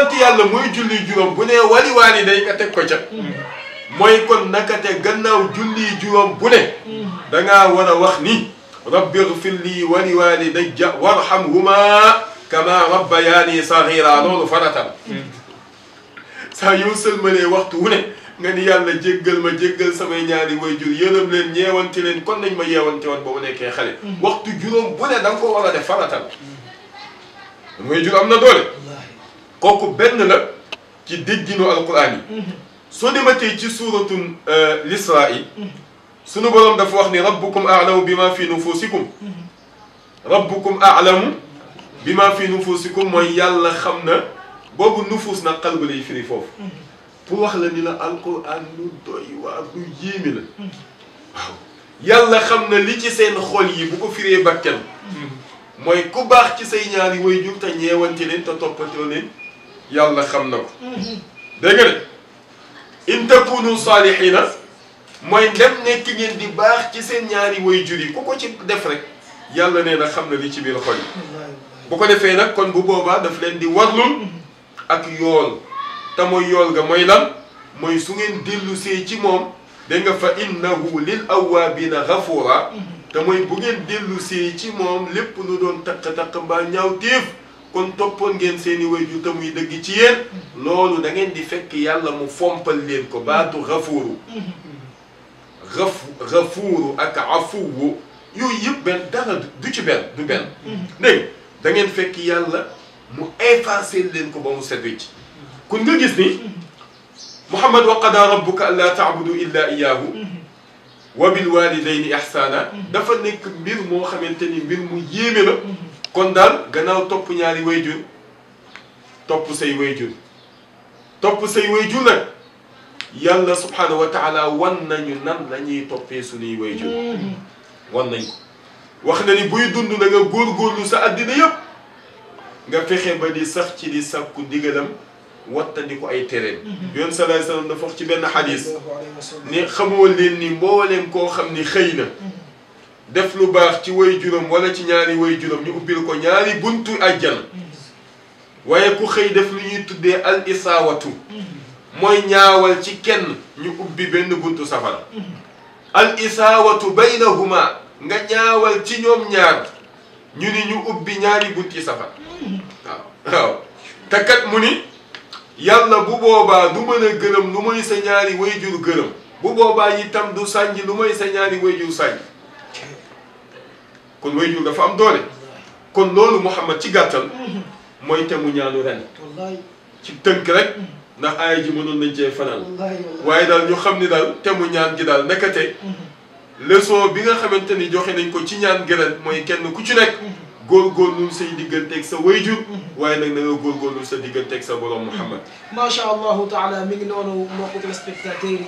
yonent yàlla moy julli juróom bune wali wali day nga tek ko ca moy kon nakate gannaaw julli juróom bune da nga wara wax ni rabbi gfir lii wali day warhamhuma kama rabbayani saghira lolu faratal sa yusul sëlmalee waxtu wune nga ni yàlla jéggal ma jéggal samay ñaari waajur yeeram leen ñewanti leen kon nañ ma yewanti won bo nekkee xale waxtu juróom bune dang ko wara def faratal moy jur amna na doole koku benn la ci dégginu alquran yi soo dematee ci suratul lisra'i sunu borom dafa wax ni rabbukum a'lamu bima fi nufusikum rabbukum a'lamu bima fi nufusikum moy yàlla xamna bobu nufus na xalbu lay firi foofu pour wax la ni la alquran lu doy wa du yimi la yàlla xamna li ci seen xol yi bu ko firee bakkel moy ku bax ci say ñaari way jur te ñeewante leen te toppatoo leen يلا خمنوك دعير إن تكونوا صالحين ما يندم نكين دي باخ كيسن ياري ويجوري كوكو شيء دفرك يلا نينا خمنا ليش بيلخوي بكو دفينا كون بوبوا دفلين دي وطلون أكيول تمو يول جمايلان ما يسون دلوسي تيموم دعنا فإنه للأوابين غفورا تمو يبغين دلوسي تيموم لبندون تك تك بانياو تيف kon topone ngeen seeni wayju te muy deug ci yéen loolu da ngeen di fekk yàlla mu fompal leen ko baatu xafuuru xaf xafuuru ak afuwu yooyu yëpp benn dara du ci ben du ben ne da ngeen fekk yàlla mu effacer leen ko ba mu sedd ci kon nga gis ni muhammad wa qadaa rabbuka allaa taabudu illa iyaahu wa bil walidayni ihsaana dafa nekk mbir moo xamante ni mbir mu yéeme la kon daal gannaaw topp ñaari wayjur topp say wayjur topp say wayjur nag yàlla subhanahu wa taala wan nañu nan la ñuy toppee suñuy wayjur wan nañ ko wax na ni buy dund na nga góorgóorlu sa àddina yépp nga fexe ba di sax ci di sàkku ndigalam wattandi ko ay tereen yoon salaay salaam dafa wax ci benn xadis ni xamoo leen ni mbooleem koo xam ni xëy na def lu baax ci way juróom wala ci ñaari way juróom ñu ubbil ko ñaari buntu àjjana waaye ku xëy def lu ñuy tuddee al isaawatu mooy ñaawal ci kenn ñu ubbi benn buntu safara al isaawatu baynahuma nga ñaawal ci ñoom ñaar ñu ni ñu ubbi ñaari bunti safara waaw waaw te mu ni yàlla bu boobaa du mën a gërëm lu mooy sa ñaari way jur gërëm bu boobaa itam du sànj lu mooy sa ñaari way jur sànj kon wayjur dafa am doole kon loolu Muhammad ci gàttal mhm. mooy te mu ñaanu ren ci tënk rek mhm. ndax aaya ji mënoon nañ cee fanaan waaye daal ñu xam ni daal te ñaan gi daal nekkate mhm. leçon bi nga xamante ni joxe nañ ko ci ñaan gi mooy kenn ku ci nekk góorgóorlu say digganteeg sa wayjur waaye nag na nga góorgóorlu sa digganteeg sa borom Muhammad macha allahu taala mi ngi noonu mbokku téléspectateurs yi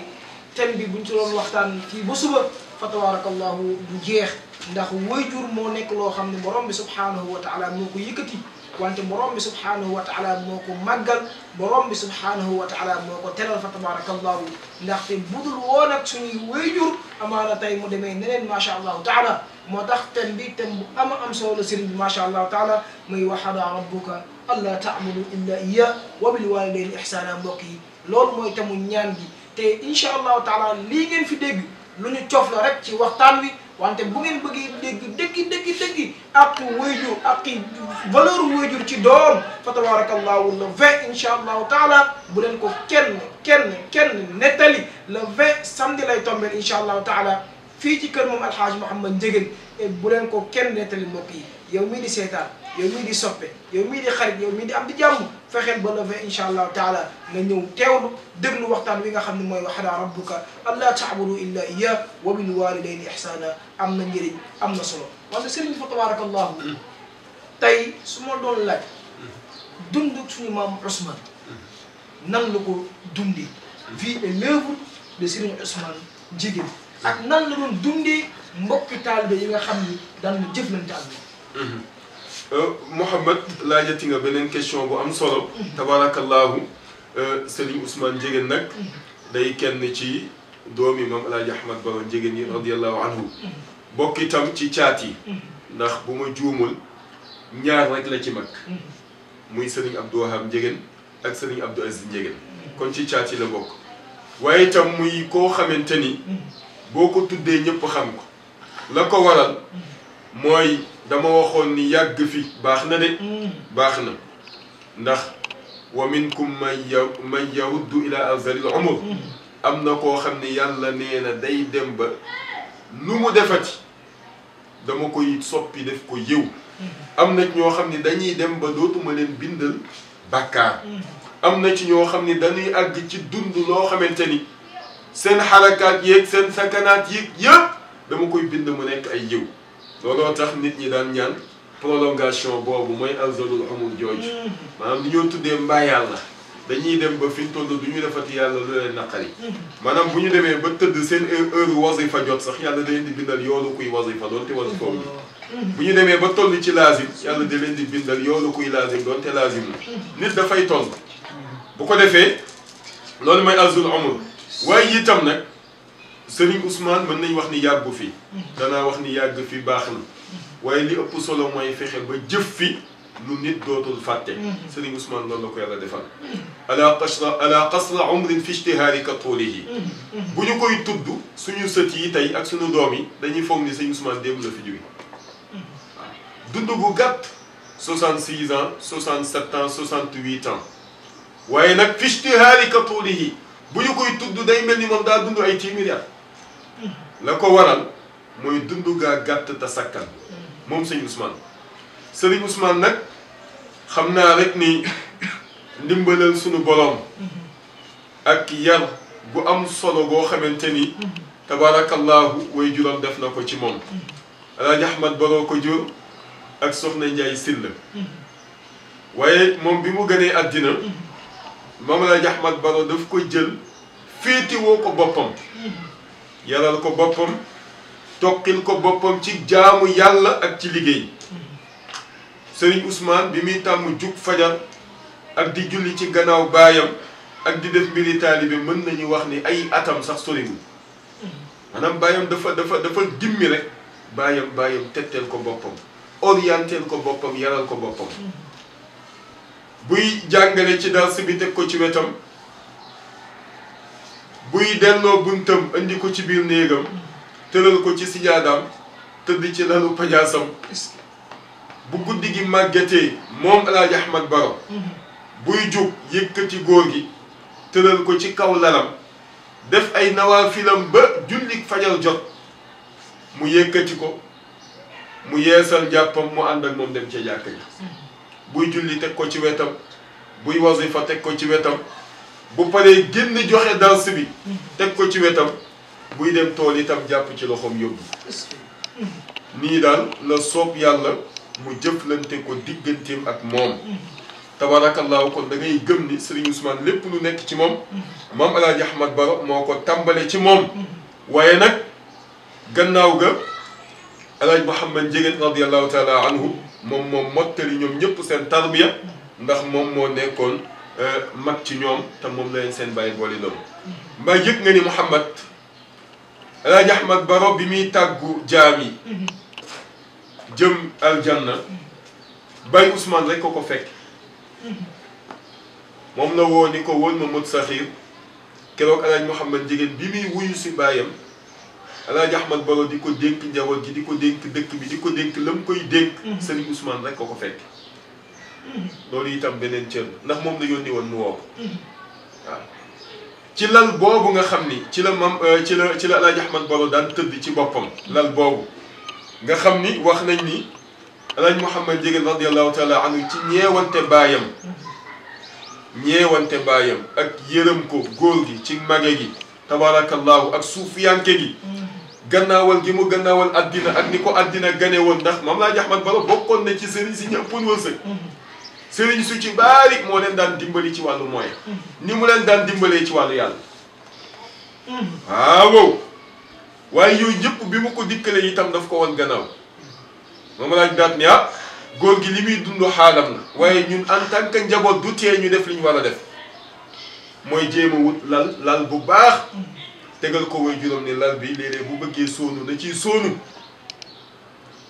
thème bi buñ ci doon waxtaan fii ba suba fa tabarakallahu du jeex ndax wayjur moo nekk loo xam ne borom bi subhanahu wa taala moo ko yëkkati wante borom bi subhanahu wa taala moo ko màggal borom bi subhanahu wa taala moo ko teral fa tabarakallahu ndaxte budul woon ak suñuy wayjur amaana tey mu demee neneen macha allahu taala moo tax tem bi tem bu ama am solo la sëriñ bi macha allahu taala muy waxada rabbuka alla taabudu illa iya wa bil walidain ihsana mbokk yi loolu mooy temu ñaan gi te incha allahu taala lii ngeen fi dégg lu ñu coof la rek ci waxtaan wi wante bu ngeen bëggee dégg dëggi dëggi dëggi ak wayjur ak valeur ju ci doom fa tabarakallahu le 20 insha allahu taala bu leen ko kenn kenn kenn nettali le 20 samedi lay tombé insha allahu taala fii ci kër moom alxaaj Mouhamed Ndiéguène bu leen ko kenn nettali mbokk yi yow mii di seetaan yow mii di soppe yow mii di xarit yow mii di am di jàmm fexeel ba la fa incha allahu taala nga ñëw teewlu déglu waxtaan wi nga xam ne mooy waxada rabbuka allah taabudu illa iya wa bil walidayni ihsana am na njëriñ am na solo wante sëriñ fa tabaraka allahu tey su ma doon laaj dund suñu maam Ousmane nan la ko dundee vie et l'œuvre de sëriñ Ousmane Diegane ak nan la doon dundee mbokki taalibe yi nga xam ni daan na jëflante ak moom Euh, Mouhamed laajati nga beneen question bu am solo. tabaarakallaahu euh, Serigne Ousmane Ndiéguène nag. day kenn ci doomi maam El Hadj Ahmad Baro Ndiéguène yi radiyallahu anhu bokk itam ci caat yi. ndax bu ma juumul ñaar rek la ci mag. muy Serigne Abdou Wahab ak Serigne Abdou Aziz kon ci caat yi la bokk. waaye itam muy koo xamante ni. boo ko tuddee ñëpp xam ko. la ko waral mooy. dama waxoon ni yag fi baxna de baxna ndax wa minkum man ya ila azalil umur am na koo xam yàlla neena day dem ba numu defati dama koy soppi def ko yew amna ci ño xamni dañuy dem ba dootuma len bindal bàkkaar amna ci ño xamni dañuy ag ci dund lo xamanteni ni seen xarakaat yeeg seen sakanaat yeeg yëpp dama koy bind mu nek ay yew looloo tax nit ñi daan ñaan prolongation bobu moy alzarul amul jooju manam li ñoo tuddee mbaa yàlla dañuy dem ba fi toll duñu defat yàlla lu leen nakari manam buñu démé ba teud seen heure wazifa jot sax yàlla da leen di bindal yoolu kuy wazifa don te wu bu ñu demee ba tollu ci lazim yàlla da leen di bindal yoolu kuy lazim don te lazim nit da fay toll bu ko defee loolu mooy alzul amul waaye itam nak سيرين عثمان من ناي واخني ياغ في دا نا واخني ياغ في باخنا واي لي اوب سولو موي فخي با جيف في لو نيت دوتول فاتي سيرين عثمان لون لاكو يالا ديفال الا قصر الا قصر عمر في اشتهارك طوله بو نكوي تود سونو سيتي تاي اك سونو دومي دا ني فوم ني سيرين عثمان ديم لا في جوي دوند بو غات 66 ans 67 ans 68 ans waye nak fi ishtihalika tulihi buñu koy tuddu day melni mom da dundu ay timir ya la ko waral mooy dund gaa gàtt te sakkan moom sëñ Ousmane sëriñ Ousmane nag xam naa rek nii ndimbalal suñu boroom ak yar gu am solo goo xamante ni tabaarakallaahu way juróom def na ko ci moom Alaaji Baroo ko jur ak Soxna Njaay Silla waaye moom bi mu gënee àddina maam Alaaji Ahmad Baroo daf ko jël féeti woo ko boppam yalal ko boppam tokkil ko boppam ci jaamu yàlla ak ci liggéey sëriñ Ousmane bi muy tàmm jug fajar ak di julli ci gannaaw baayam ak di def mbiri taalibe mën nañu wax ni ay atam sax soriwul maanaam baayam dafa dafa dafa gimmi rek baayam baayam tetteel ko boppam orienteel ko boppam yaral ko boppam mm-hmm. buy jàngale ci dars bi teg ko ci wetam buy delloo buntam indi ko ci biir néegam tëral ko ci sijaadaam tëdd ci lalu pajaasam bu guddi gi màggatee moom alaaji ahmad baro buy jug yëkkati góor gi tëral ko ci kaw lalam def ay nawaafilam ba jullik fajal jot mu yëkkati ko mu yeesal jàppam mu ànd ak moom dem ca jàkk ji buy julli teg ko ci wetam buy wasifa teg ko ci wetam bu paree génn joxe dars bi teg ko ci wetam buy dem tool itam jàpp ci loxoom yóbbu nii daal la soob yàlla mu jëflante ko digganteem ak moom tabaarakallaahu kon da ngay gëm ni Serigne Ousmane lépp lu nekk ci moom maam El Hadj Ahmad Baro moo ko tàmbale ci moom waaye nag gannaaw ga El Hadj Mouhamed Ndiéguène radiyallaahu taala anhu moom moom mottali ñoom ñëpp seen tarbiya ndax moom moo nekkoon Euh, mag ci ñoom te moom la seen bàyyi boole loolu mbaa yëg nga ni Mouhamad El Hadj Ahmad Baro bi muy tàggu jaam yi jëm aljanna Baye Ousmane rek ko ko fekk moom la woo ni ko woon ma mot saxiir keroog El Hadj Mouhamad jigéen bi muy wuyu si bàyyam El Hadj Ahmad Baro di ko dénk njaboot gi di ko dénk dëkk bi di ko dénk la mu koy dénk mm-hmm. Serigne Ousmane rek ko ko fekk. loolu itam beneen cër ndax moom la yónni woon nu woo ko ci lal boobu nga xam ni ci la mam euh, ci la ci la El Hadj Ahmed Boro daan tëdd ci boppam lal boobu nga xam ni wax nañ ni El Hadj Mouhamed Jegel radiallahu taala anhu ci ñeewante baayam ñeewante baayam ak yërëm ko góor gi ci mage gi tabarakallahu ak suuf suufiyanke gi gannaawal gi mu gannaawal addina ak ni ko addina gane woon ndax moom El Hadj Ahmed Boro bokkoon na ci sëriñ si ñëppoon wërsëg sëriñ su ci baari moo leen daan dimbali ci wàllu moyen mm-hmm. ni mu leen daan dimbalee ci wàllu yàlla mm-hmm. ah, waaw waaye yooyu yëpp bi mu ko dikkalee itam daf ko wan gannaaw mm-hmm. moom laaj daat ni ah góor gi li muy dund xaalam na waaye ñun en tant que njaboot du tee ñu def li ñu war a def mooy jéem a wut lal lal bu baax tegal ko way juróom ni lal bi léeg-léeg bu bëggee sóonu da ciy sóonu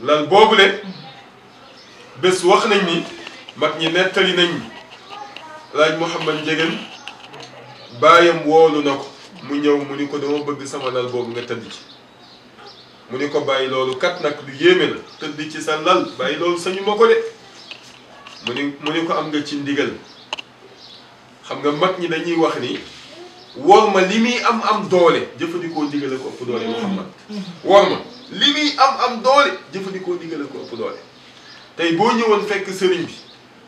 lal boobule bés wax nañ ni mag ñi nettali nañ laaj Mouhamad Ndiéguène baayam woolu na ko mu ñëw mu ni ko dama bëgg sama lal boobu nga tëdd ci mu ni ko bàyyi loolu kat nag lu yéeme la tëdd ci sa lal bàyyi loolu sañu ma ko de mu ni mu ni ko am nga ci ndigal xam nga mag ñi dañuy wax ni wor ma li muy am am doole jëfandikoo ndigal ko ëpp doole Mouhamad wor ma li muy am am doole jëfandikoo ndigal ko ëpp doole tey boo ñëwoon fekk sëriñ bi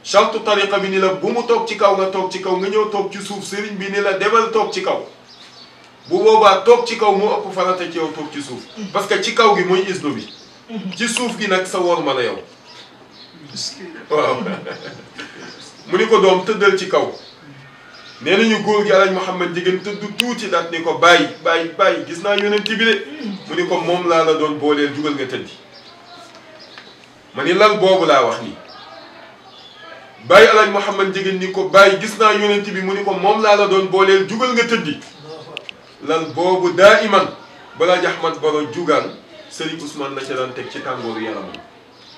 charte tariqa bi ni la bu mu toog ci kaw nga toog ci kaw nga ñëw toog ci suuf sëriñ bi ni la demal toog ci kaw bu boobaa toog ci kaw moo ëpp farata ci yow toog ci suuf mm. parce que ci kaw gi muy isnu bi mm-hmm. ci suuf gi nag sa wor ma la yow waaw mu ni ko doom tëddal ci kaw nee nañu góor gi alaaj Muhammad jigéen tëdd tuuti daat ni ko bàyyi bàyyi bàyyi gis naa yonent bi de mm. mu ni ko moom laa la doon booleel jugal nga tëddi ma ni lan boobu laa wax nii bàyyi alaaj Mouhamad jigéen ni ko bàyyi gis naa yonent bi mu ni ko moom laa la doon booleel jugal nga tëddi lal boobu daa iman balaa jaxmat baro jugal Serigne Ousmane la ca daan teg ci tàngooru yaram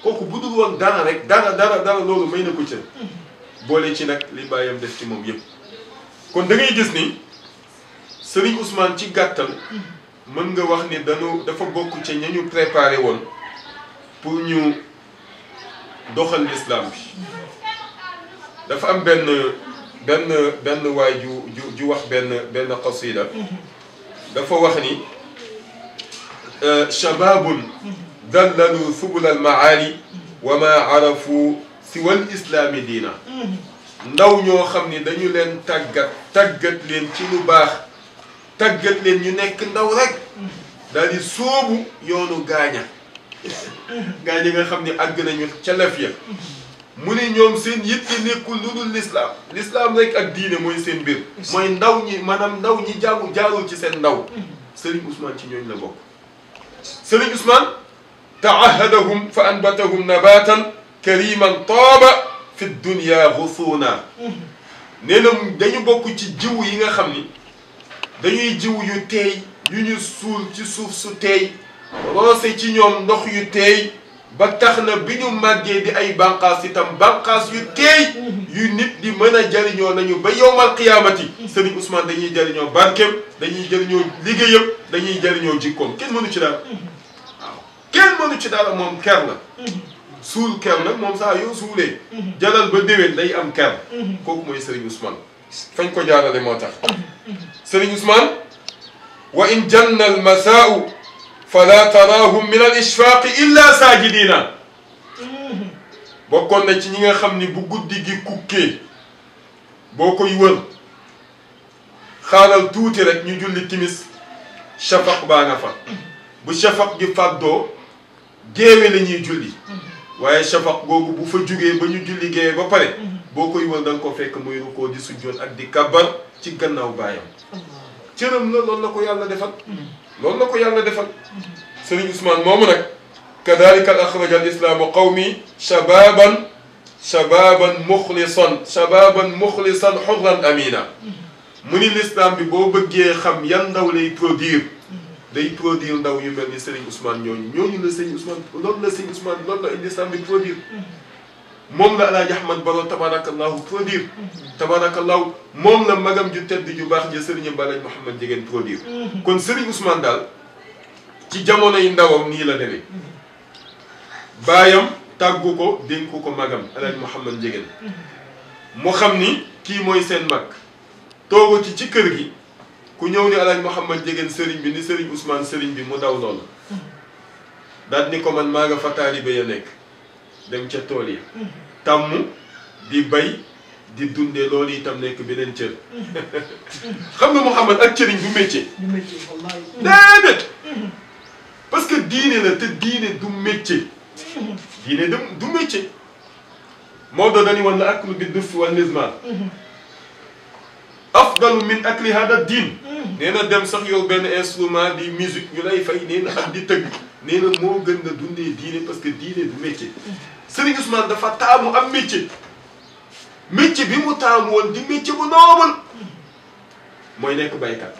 kooku bu dul woon dara rek dara dara dara loolu may na ko cër boole ci nag li bàyyam def ci moom yëpp kon da gis ni sëriñ Ousmane ci gàttal mën nga wax ni dañu dafa bokk ci ña ñu préparé woon pour ñu doxal l'islam bi dafa am benn benn benn waay ju ju ju wax benn benn qasida dafa wax ni shababun dallalu subula almaali wa ma arafu siwa al ndaw ñoo xamni dañu leen tagat tagat leen ci lu bax tagat leen ñu nekk ndaw rek dal di sóobu yoonu gaña gaña nga xamni ag nañu ci lef ya muni ñom seen yitte nekkul lu dul l'islam lislaam rek ak diine moy seen bir moy ndaw ñi manam ndaw ñi jàngu jaarul ci seen ndaw Serigne Ousmane ci ñoo la bok Serigne Ousmane taahadahum fa anbatahum nabatan kariman tooba fi dunya ghusuna neena dañu bok ci jiw yi nga xamni dañuy jiw yu tey yu ñu sul ci suuf su teey roose ci ñom ndox yu tey بتخنا بدون ما جدي أي بنكاس يتم بنكاس يتكي ينيب دي منا جالينيو نيو بيوم القيامة سني أسمان دني جالينيو بركم دني جالينيو ليجيم دني جالينيو جيكون كين منو تدا كين منو تدا مم كرنا سول كرنا مم سايو سولة جالن بديين لي أم كر كوك مي سني أسمان فين كجارة دي ماتا سني أسمان وإن جن المساو fala taraahum min al ishfaaqi illa saajidina bokkoon na ci ñi nga xam ni bu guddi gi kukkee boo koy wër xaaral tuuti rek ñu julli timis shafaq baa nga fa bu shafaq gi fàddoo géewe la ñuy julli waaye shafaq googu bu fa jugee ba ñu julli géewe ba pare boo koy wër da nga ko fekk muy rukkoo di sujjoon ak di kabar ci gannaaw baayam cëram la loolu la ko yàlla defal لون نكو يالله دفن سيدنا عثمان مو منك كذلك اخرج الاسلام قومي شبابا شبابا مخلصا شبابا مخلصا حرا امينا من الاسلام بي بو بغي خم يان داو لي برودير داي برودير داو يو ملني سيدنا عثمان ньо ญ ньо ญ لا سيدنا عثمان لون لا سيدنا عثمان لون لا الاسلام بي برودير moom la alaaji ahmad baro tabarakallahu produire law moom la magam ju tedd ju baax ja sëriñ balaj mouhamad jigéen produire kon sëriñ Ousmane daal ci jamono yi ndawam nii la demee baayam tàggu ko dénku ko magam alaaji mouhamad jigéen mu xam ni kii mooy seen mag toogu ci ci kër gi ku ñëw ni alaaji mouhamad jigéen sëriñ bi ni sëriñ Ousmane sëriñ bi mu daw lool daal ni ko man maa nga fa taalibe ya nekk dem ci tool yi tam di bay di dundee loolu itam nek benen cër xam nga Mouhamad ak cëriñ bu métier du métier wallahi dédé parce que diine la te diine du métier diine du du métier Maodo dañu woon la aklu bi duf wal nizma afdalu min akli hada din nee dem sax yow ben instrument di musique ñu lay fay nee na ak di teug nee mo gën na dundé diine parce que diine du métier Serigne Ousmane dafa taamu am métier métier bi mu taamu woon di métier bu noobul mooy nekk baykat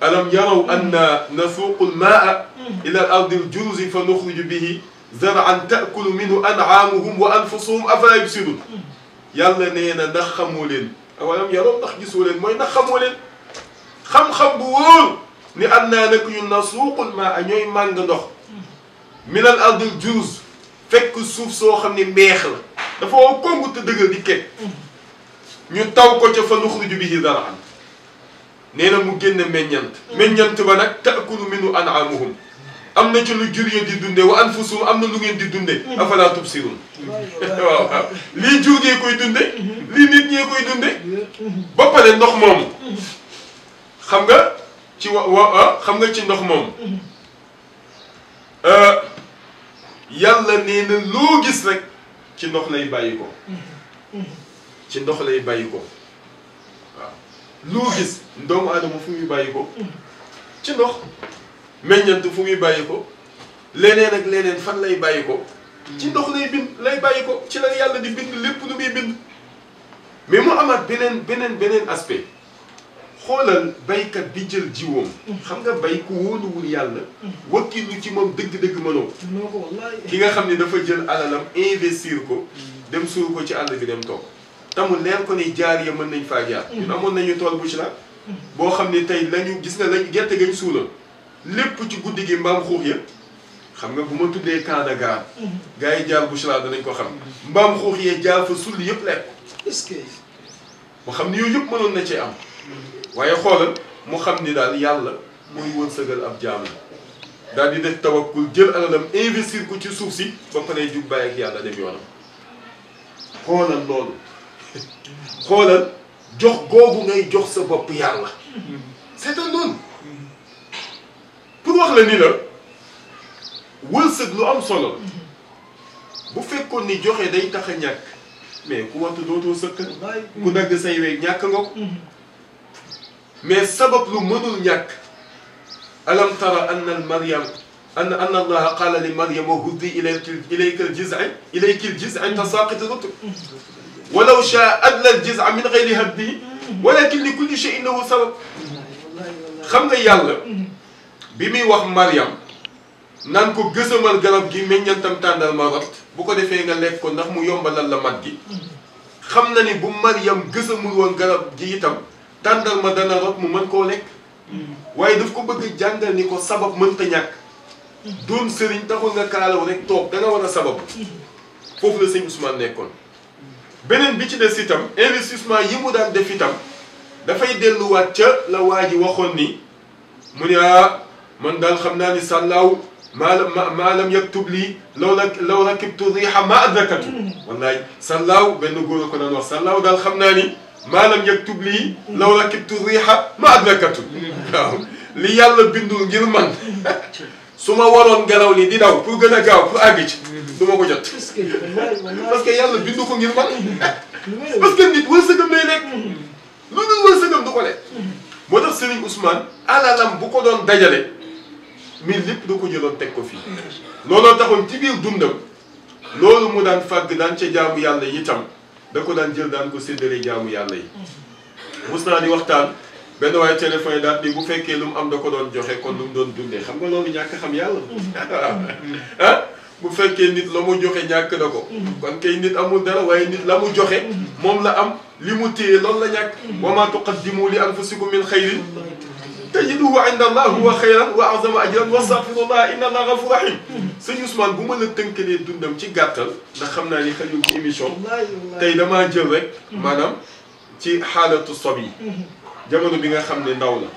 alam yaraw anna nasuuqu almaa ila al ardi aljuruzi fa nuxriju bihi zaran taakulu minhu anaamuhum wa anfusuhum afala yubsirun yàlla nee na ndax xamoo leen awalam yaraw ndax gisoo leen mooy ndax xamoo leen xam-xam bu wóor ni annaa nag ñu nasuuqu almaa ñooy màng ndox minal ardil juus fekk suuf soo xam ne meex la dafa wow kongu te dëgër di kekk ñu taw ko ca fa nuxruju bihi zar'an nee na mu génn meññant meññant ba nag taakulu minu an'amuhum am na ci lu jur yi di dunde wa anfusum am na lu ngeen di dunde afala tubsirun waaw waaw lii jur koy dunde lii nit ñee koy dunde ba pare ndox moomu xam nga ci wa ah, xam nga ci ndox moomu euh, yàlla nee na loo gis rek ci ndox lay bàyyi ko mm-hmm. ci ndox lay bàyyi ko loo gis doomu aadama fu muy bàyyi ko mm-hmm. ci ndox meññant fu muy bàyyi ko leneen ak leneen fan lay bàyyi ko ci mm-hmm. ndox lay bind lay bàyyi ko ci la yàlla di bind lépp lu muy bind mais mu amaat beneen beneen beneen aspect xoolal baykat bi jël jiwoom. xam nga bay ku wóoluwul yàlla. wakkilu ci moom dëgg-dëgg mënoo. ki nga xam ni dafa jël alalam investir ko. dem suur ko ci àll bi dem toog. tamul leer ko ne jaar ya mën nañ faa jaar. Mm. ñun amoon nañu tool bu ci la. Mm. boo xam ne tey lañu gis nga lañu gerte gañ suulal. lépp ci guddi gi mbaam xuux ya xam nga bu ma tuddee camp de gare. Mm. gars yi jaar Bouchra danañ ko xam. mbaam xuux yee jaar fa sulli yëpp lekk. est xam ne yooyu yëpp mënoon na cee am. waye xolal mu xamni dal daal yàlla mooy wërsëgal ab jamm dal di def tawakkul jël alalam investir ko ci suuf si ba pare jug bàyyi ak yàlla dem yoonam xolal lool xolal jox gogou ngay jox sa bop yàlla c'est un don pour wax la ni la wërsëg lu am solo bu fekkone ni joxe day tax ñak mais ku wattu doto seuk ku dag say weeg ñak ngok mais sabab lu mënul ñàkk alam tara anna al maryam an anna allaha qala li maryama huddi ilayki ilayka al jiz'a ilayki al jiz'a tasaqit rutb ولو شاء أدلى الجزع من غير هبه ولكن لكل شيء له سبب xam nga yàlla bi muy wax Mariam naan ko gësamal garab gi meññantam tàndal ma rot bu ko defee nga lekk ko ndax mu yombalal la mat gi xam na ni bu Mariam gësamul woon garab gi itam tàndarma dana rot mu man koo lekk waaye daf ko bëgg jàngal ni ko sabab mënta ñàkk doon sëriñ taxul nga kaalaw rek toog da nga war a sabab foofu la sëñ Ousmane nekkoon beneen bi ci des itam investissement yi mu daan def itam dafay delluwaat ca la waa waxoon ni mu ne ah man daal xam naa ni sàllaaw maalam maalam yaktub lii law la law rakibtu riixa ma adrakatu mm. wallaay sàllaaw benn góor a ko daan wax sàllaaw daal xam naa ni ما لم يكتب لي لو ركبت الريح ما أدركت لي يلا بندل جيرمان سما ورون غلاو لي دي داو بو غنا غاو بو اغيت دوما كو جات باسكو يلا بندو كو جيرمان باسكو نيت وسغم لي ليك لو نو وسغم دوكو لي موتاخ سيرين عثمان على لام بو كو دون داجالي مي ليپ دوكو جيلون تك كو في لولو تاخون تي بير دوندم لولو مو دان فاغ دان تي جامو يالا يتام da ko daan jël daan ko séddale jaamu yàlla yi mus naa di waxtaan benn waaye téléphone daal bi bu fekkee lu mu am da ko doon joxe kon lu mu doon dundee xam nga loolu ñàkk xam yàlla ah bu fekkee nit la mu joxe ñàkk na ko kon kay nit amul dara waaye nit la mu joxe moom la am li mu téye loolu la ñàkk wa ma tuqaddimu li anfusikum min xayrin تجده عند الله هو خيرا واعظم اجرا واستغفر الله ان الله غفور رحيم سيدي عثمان بوما لا تنكلي دوندم تي غاتال دا خمنا لي خيو تي ايميشن تاي داما جيل رك مانام تي حاله الصبي جامونو بيغا خمني ناو لا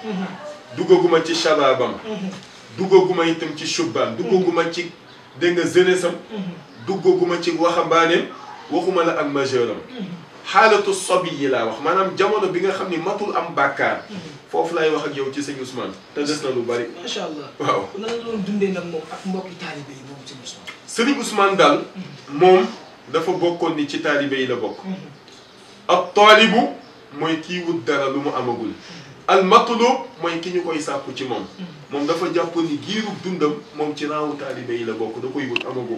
دوغوغوما تي شبابام دوغوغوما يتم تي شوبان دوغوغوما تي دنگ زينسام دوغوغوما تي واخا بانيم واخوما لا اك ماجورام xaalatu sobi yi laa wax maanaam jamono bi nga xam ni matul am bàkkaar mhm. foofu laay wax ak yow ci sëñ Ousmane te des na lu bari macha allah waaw lan la doon dundee nag moom ak mbokki taalibe yi moom sëñ Ousmane sëriñ mhm. moom dafa bokkoon ni ci taalibe yi la bokk mhm. ab taalibu mooy kii lu mu amagul al matlub mooy ki ñu koy sàkku ci moom moom dafa jàpp ni giirub dundam moom ci raawu taalibe yi la bokk da koy wut amagu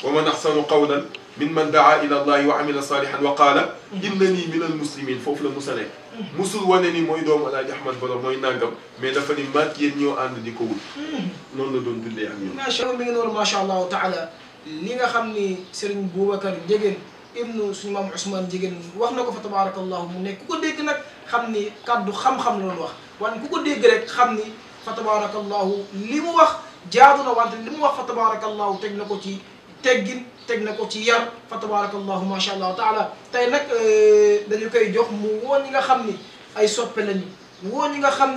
ko wa man axsanu qawlan من من دعا الى الله وعمل صالحا وقال انني من المسلمين فوف لا موسى نيك موسو وني موي دوم لا احمد بلو موي نانغام مي دا فني مات يين نيو اند ديكو وول نون لا دون دوندي ام ما شاء الله نور ما شاء الله تعالى ليغا خامني سيرن بو بكر جيجن ابن سيمام عثمان جيجن واخناكو فتبارك الله مو نيك كوكو ديك نك خامني كادو خام خام لون واخ وان كوكو ديك ريك خامني فتبارك الله ليمو واخ جادو نا وانت ليمو واخ فتبارك الله تك نكو تي teggin teg na ko ci yar fa tabarakallahu macha allah taala tey nag dañu koy jox mu woo ñi nga xam ay soppe lañu woo ñi nga xam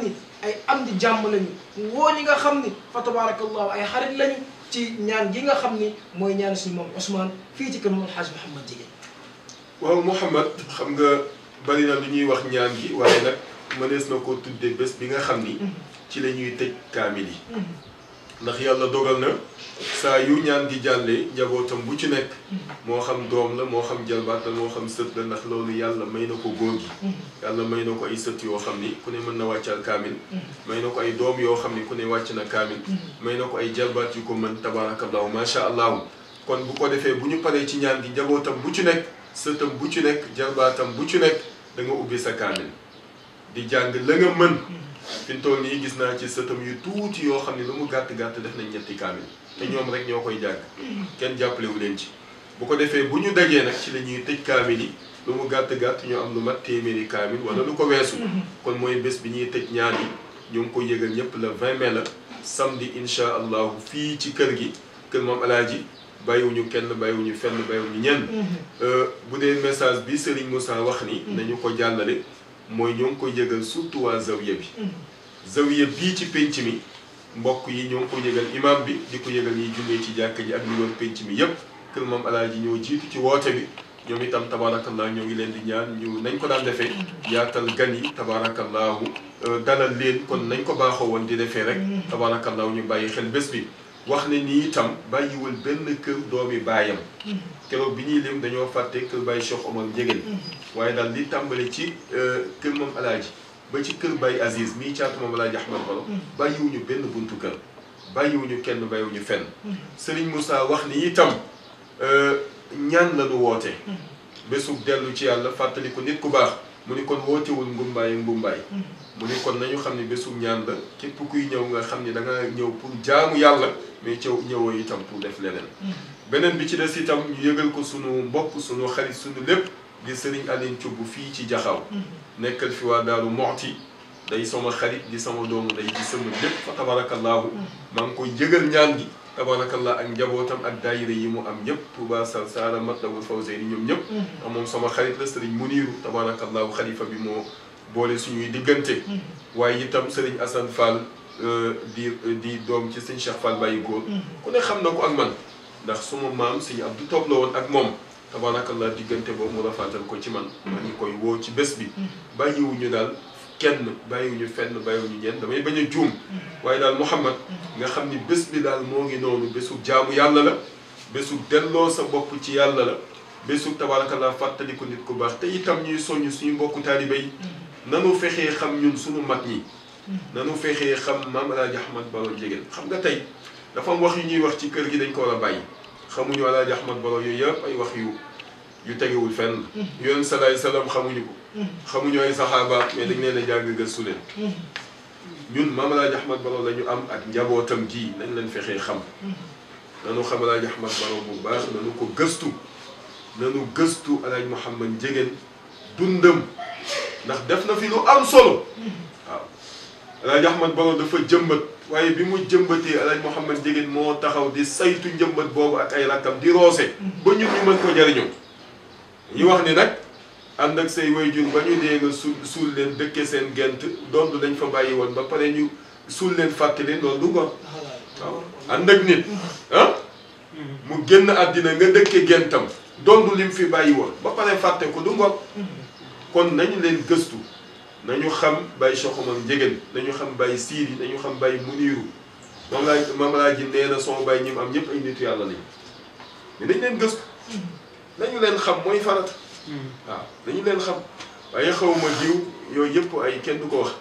ay am di jàmm lañu woo ñi nga xam ni fa tabarakallahu ay xarit lañu ci ñaan gi nga xam ni mooy ñaan suñu moom Ousmane fii ci kër moom Alxaaj Mouhamad Jigéen waaw Mouhamad xam nga bari na lu ñuy wax ñaan gi waaye nag mënees na koo tuddee bés bi nga xam ci la ñuy tëj kaamil yi ndax yàlla dogal na saa yu ñaan gi jàlle njabootam bu ci nekk moo xam doom la moo xam jalbaat la moo xam sët la ndax loolu yàlla may na ko góor gi yàlla may na ko ay sët yoo xam ni ku ne mën na wàccal kaamil may na ko ay doom yoo xam ni ku ne wàcc na kaamil may na ko ay jalbaat yu ko mën tabaarakallaahu macha allahu kon bu ko defee bu ñu paree ci ñaan gi njabootam bu ci nekk sëtam bu ci nekk jarbaatam bu ci nekk da nga ubbi sa kaamil di jàng la nga mën fi mu toll nii gis naa ci sëtam yu tuuti yoo xam ne lu mu gàtt-gàtt def nañ ñetti kaamil te ñoom rek ñoo koy jàng kenn jàppalewu leen ci bu ko defee bu ñu dajee nag ci la ñuy tëj kaamil yi lu mu gàtt-gàtt ñu am lu mat téeméeri kaamil wala lu ko weesu kon mooy bés bi ñuy tëj ñaan yi ñu ngi ko yëgal ñëpp la 20 mai la samedi incha allahu fii ci kër gi kër moom alaaji bàyyiwuñu kenn bàyyiwuñu fenn bàyyiwuñu ñenn mm-hmm. euh, bu dee message bi Serigne Moussa wax ni mm-hmm. nañu ko jàllale mooy ñoo ngi koy yëgal surtout waa zawiya bi mm. zawiya bii ci pénc mi mbokk yi ñoo ngi koy yëgal imam bi di ko yëgal ñiy jullee ci jàkk ji ak li wër pénc mi yépp kër moom alaaji ñoo jiitu ci woote bi ñoom itam tabaarakallah ñoo ngi leen di ñaan ñu nañ ko daan defee yaatal gan yi tabaarakallahu euh, dalal leen kon nañ ko baaxoo woon di defee rek mm. tabaarakallahu ñu bàyyi xel bés bi wax ne nii itam bàyyiwul benn kër doomi baayam keroog bi ñuy lim dañoo fàtte kër Baye Cheikh Omar Njegéen waaye daal li tàmbale ci euh, kër moom alaaji ba ci kër Baye Aziz mii caatu moom alaaji Ahmad Baro bàyyiwuñu benn buntu kër bàyyiwuñu kenn bàyyiwuñu fenn Serigne Moussa wax ni itam euh, ñaan la woote mm-hmm. bésub dellu ci yàlla fàttaliku nit ku baax mu ni kon wootewul ngumbaay ngumbaay hmm. mu ni kon nañu xam ne bésu ñaan la képp kuy ñëw nga xam ni danga ñëw pour jaamu yàlla mais cëw ñëwoo itam pour def leneen hmm. beneen bi ci des itam ñu yëgal ko sunu mbokk sunu xarit sunu lépp di Serigne Aline Thioub fii ci Jaxaw hmm. nekkal fi waa Daaru Moxti day sama xarit di sama doomu day di sama lépp fa tabarakallahu maa ngi koy yëgal ñaan gi تبارك الله ان جابوتام اك دايري يمو ام ييب توبا سلسال مطلب الفوزي ني نيوم نييب اموم سما خليفه السرين منير تبارك الله خليفه بي مو بولي سونيي ديغنتي واي ييتام سرين حسن فال آه، دي دي دوم سي سين شيخ فال باي غور كوني خامنا كو اك مان داخ سومو مام سيني عبد توب لو اك موم تبارك الله ديغنتي بو مو كو سي ماني كوي وو سي بس بي باي يو ني دال kenn bàyyiwuñu fenn bàyyiwuñu ñenn damay bañ a juum mm-hmm. waaye daal Muhammad mm-hmm. nga xam ni bés bi daal moo ngi noonu bésu jaamu yàlla la bésu delloo sa bopp ci yàlla la bésu tabarakallah fàttaliku nit ku baax te itam ñuy soññ suñu mbokku taalibe yi mm-hmm. nanu fexee xam ñun suñu mag ñi nanu fexee xam maam Alaaji Ahmad Baro Ndiéguène xam nga tey dafa am wax yu ñuy wax ci kër gi dañ ko war a bàyyi xamuñu Alaaji Ahmad Baro yooyu yëpp ay wax yu yu tegewul fenn yonent salaay salaam xamuñu ko xamuñu ay saxaaba mais dañ leen a jàng gëstu leen ñun maam Alaaji Ahmad Baro la ñu am ak njabootam gii nañ leen fexee xam nanu xam Alaaji Ahmad Baro bu baax nanu ko gëstu nanu gëstu Alaaji Mouhamad Ndiéguène dundam ndax def na fi lu am solo waaw Alaaji Ahmad Baro dafa jëmbat waaye bi mu jëmbatee Alaaji Mouhamad Ndiéguène moo taxaw di saytu njëmbat boobu ak ay rakkam di roose ba ñun ñu mën ko jariñoo ñu wax ni nag ànd ak say wayjur ba ñu dee nga suul leen dëkke seen gent dond lañ fa bàyyi woon ba pare ñu suul leen fàtte leen loolu du ngor waaw ah? génn àddina nga dëkke gentam dond lim fi bàyyi woon ba pare fàtte ko du ngor kon nañu leen gëstu nañu xam bàyyi soxomam njegéen nañu xam bàyyi siiri nañu xam bàyyi muniiru moom laa moom laa ji na son bàyyi ñim am ñëpp ay nitu yàlla lañu mais nañ leen gëstu nañu leen xam mooy farata waaw dañu leen xam waaye xaw ma jiw yooyu yëpp ay kenn du ko wax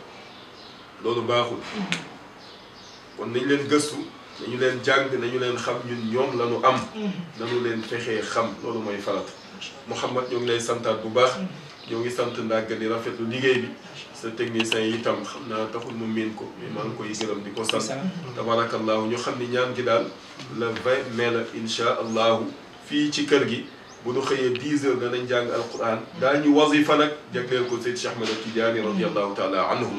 loolu baaxul kon nañu leen gëstu nañu leen jàng nañu leen xam ñun ñoom lañu am nañu leen fexee xam loolu mooy farat Mouhamad ñoo ngi lay santaat bu baax ñoo ngi sant ndàgg di rafetlu liggéey bi sa technicien yi itam xam naa taxul mu miin ko mais maa ngi koy gërëm di ko sant tabarakallahu ñu xam ni ñaan gi daal le 20 mai la incha allahu fii ci kër gi بنو خي ديزل دا نجان القران داني وظيفه نك ديكل كو سيد شيخ احمد التجاني رضي الله تعالى عنه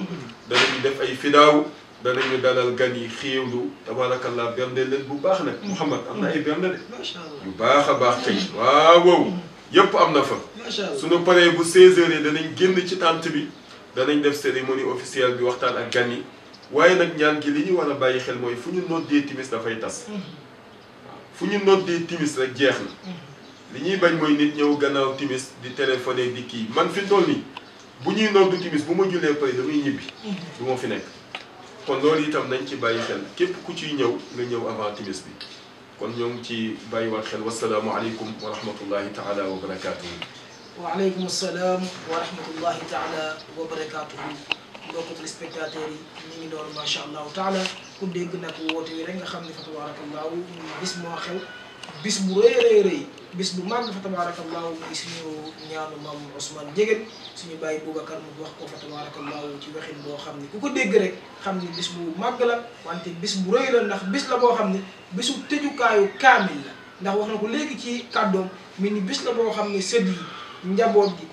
دا نيو ديف اي فداو دا نيو دالال غاني خيولو تبارك الله بيام دي لين بو باخنا محمد امنا اي بيام دي ما شاء الله يو باخا باخ تي واو واو ييب امنا فا ما شاء الله سونو باري بو 16 دا نين ген سي تانت بي دا نين ديف سيريموني اوفيسيال بي وقتان اك غاني waye nak ñaan gi li ñu wara bayyi xel moy fu ñu noddé timis da fay tass mm-hmm. fu ñu noddé timis mm-hmm. li ñuy bañ mooy nit ñëw gannaaw timis di téléphoné di kii man fi toll nii bu ñuy noddu timis bu ma jullee pare damay ñibbi du ma fi nekk kon loolu itam nañ ci bàyyi xel képp ku ciy ñëw nga ñëw avant timis bi kon ñoo ngi ci bàyyiwaat xel wasalaamu aleykum wa rahmatullahi taala wa barakaatuhu waaleykum salaam wa rahmatullahi taala wa barakaatuhu mbokku téléspectateurs yi ñu ngi doon macha allahu taala ku dégg nag woote wi rek nga xam fa tabaarakallahu bis moo xew bis bu rëy rëy bis bu màgg fa tabaarakallaahu muy suñu ñaanu maam Ousmane Diegane suñu bàyyi Boubacar mu wax ko fa tabaarakallaahu ci waxin boo xam ne ku ko dégg rek xam ne bis bu màgg la wante bis bu rëy la ndax bis la boo xam ne bisu tëjukaayu kaamil la ndax wax na ko léegi ci kàddoom mi ni bis la boo xam ne sët yi njaboot gi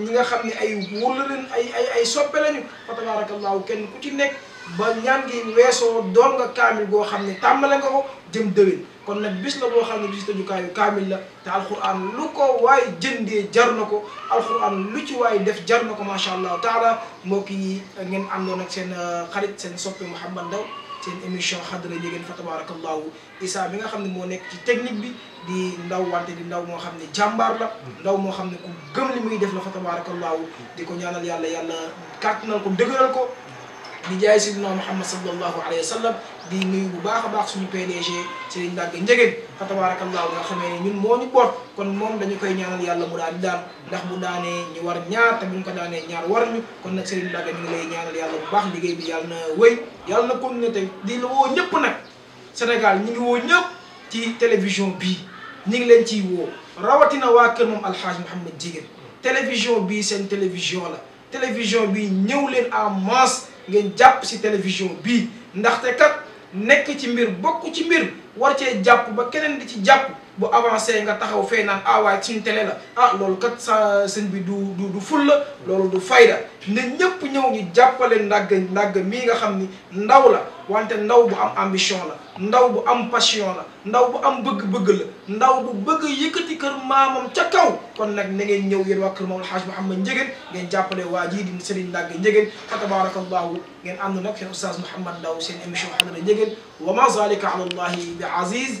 ñi nga xam ni ay wóor la leen ay ay ay soppe lañu fa tabaarakallaahu kenn ku ci nekk ba ñaan gi weesoo doon nga kaamil goo xam ne tàmbale ko jën déwén kon nag bis la boo xam ne bis tëjukaayu kaamil la te al alquran lu ko waaye jëndee jar na ko alquran lu ci waaye def jar na ko macha allah taala mbokk yi ngeen àndoon ak seen euh, xarit seen soppe Mouhamed Ndaw seen émission xadra yéegéen fa tabarakallahu Issa bi nga xam ne moo nekk ci technique bi di ndaw wante di ndaw moo xam ne jàmbaar la ndaw moo xam ne ku gëm li muy def la fa tabarakallahu di ko ñaanal yàlla yàlla kàttanal ko dëgëral ko di jaay sidina Muhammad sallallahu alayhi wa sallam di baax a baax suñu PDG Serigne Mbacke Ndiéguène fa tabarakallahu nga xamee ne ñun moo ñu boot kon moom dañu koy ñaanal yàlla mu daal di daan ndax bu daanee ñu war ñaar ta bu ñu ko daanee ñaar war ñu kon nag Serigne Mbacke ñu ngi lay ñaanal yàlla bu baax liggéey bi yàlla na wéy yàlla na continuer te di la woo ñëpp nag Sénégal ñu ngi woo ñëpp ci télévision bi ñu ngi leen ciy woo rawatina waa kër moom Alhaaj Mouhamed jigéen télévision bii seen télévision la télévision bi ñëw leen en masse ngeen jàpp si télévision bii ndaxte kat nekk ci mbir bokk ci mbir war cee jàpp ba keneen di ci jàpp bu avancé nga taxaw fee naan ah waaye suñu télé la lool ah loolu kat sa sëñ bi du du du ful la loolu du fayda ne ñëpp ñëw ñu jàppale ndàgg ndàgg mii nga xam ni ndaw la wante ndaw bu am ambition la ndaw bu am passion la ndaw bu am bëgg-bëgg la ndaw bu bëgg yëkkati kër maamam ca kaw kon nag na ngeen ñëw yéen waa kër Maodo Hadj Mouhamed Ndiéguène ngeen jàppale waa jii di Serigne Ndàgg Ndiéguène fa tabarakallahu ngeen ànd nag seen oustaz Mouhamed Ndaw seen émission Hadara Ndiéguène wa ma zalika ala allahi bi aziz